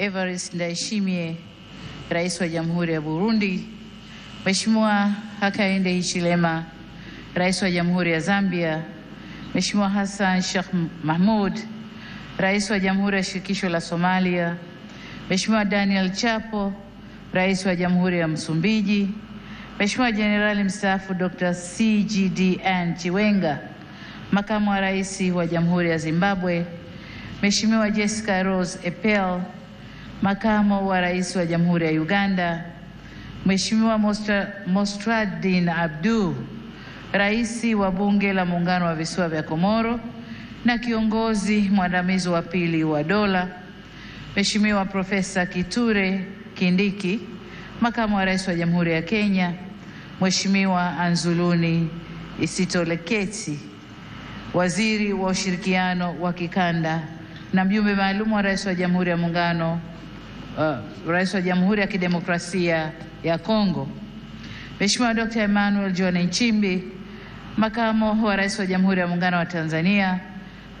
Evariste Ndayishimiye, rais wa Jamhuri ya Burundi, Mheshimiwa Hakainde Hichilema, rais wa Jamhuri ya Zambia, Mheshimiwa Hassan Sheikh Mahmud, rais wa Jamhuri ya Shirikisho la Somalia, Mheshimiwa Daniel Chapo, rais wa Jamhuri ya Msumbiji, Mheshimiwa Jenerali mstaafu Dr. CGDN Chiwenga, makamu wa rais wa Jamhuri ya Zimbabwe, Mheshimiwa Jessica Rose Epel Makamo wa Rais wa Jamhuri ya Uganda, Mheshimiwa Mostradin Abdu, Rais wa Bunge la Muungano wa Visiwa vya Komoro na kiongozi mwandamizi wa pili wa dola, Mheshimiwa Profesa Kiture Kindiki, Makamu wa Rais wa Jamhuri ya Kenya, Mheshimiwa Anzuluni Isitoleketi, Waziri wa Ushirikiano wa Kikanda na mjumbe maalum wa Rais wa Jamhuri ya Muungano uh, rais wa Jamhuri ya Kidemokrasia ya Kongo, Mheshimiwa Dr. Emmanuel John Nchimbi, makamo wa rais wa Jamhuri ya Muungano wa Tanzania,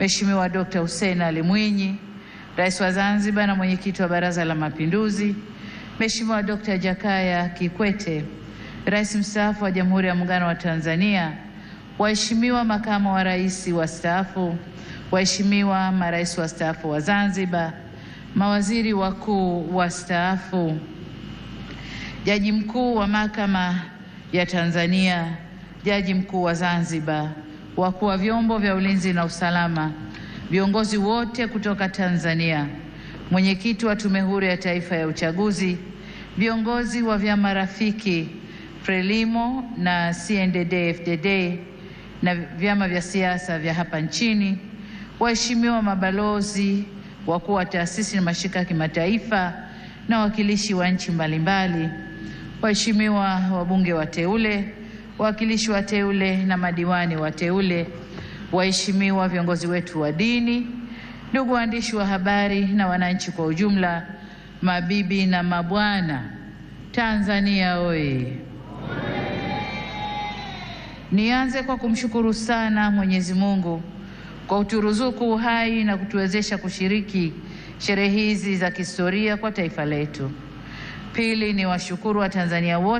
Mheshimiwa Dr. Hussein Ali Mwinyi, rais wa Zanzibar na mwenyekiti wa Baraza la Mapinduzi, Mheshimiwa Dr. Jakaya Kikwete, rais mstaafu wa Jamhuri ya Muungano wa Tanzania, waheshimiwa makamo wa rais wastaafu, waheshimiwa marais wastaafu wa Zanzibar mawaziri wakuu wastaafu, jaji mkuu wa mahakama ya Tanzania, jaji mkuu wa Zanzibar, wakuu wa vyombo vya ulinzi na usalama, viongozi wote kutoka Tanzania, mwenyekiti wa Tume Huru ya Taifa ya Uchaguzi, viongozi wa vyama rafiki Frelimo na CNDD-FDD na vyama vya siasa vya hapa nchini, waheshimiwa mabalozi wakuu wa taasisi na mashirika ya kimataifa na wawakilishi wa nchi mbalimbali, waheshimiwa wabunge wateule, wawakilishi wateule na madiwani wateule, waheshimiwa viongozi wetu wa dini, ndugu waandishi wa habari na wananchi kwa ujumla, mabibi na mabwana, Tanzania oye! Nianze kwa kumshukuru sana Mwenyezi Mungu kwa kuturuzuku uhai na kutuwezesha kushiriki sherehe hizi za kihistoria kwa taifa letu. Pili ni washukuru Watanzania wote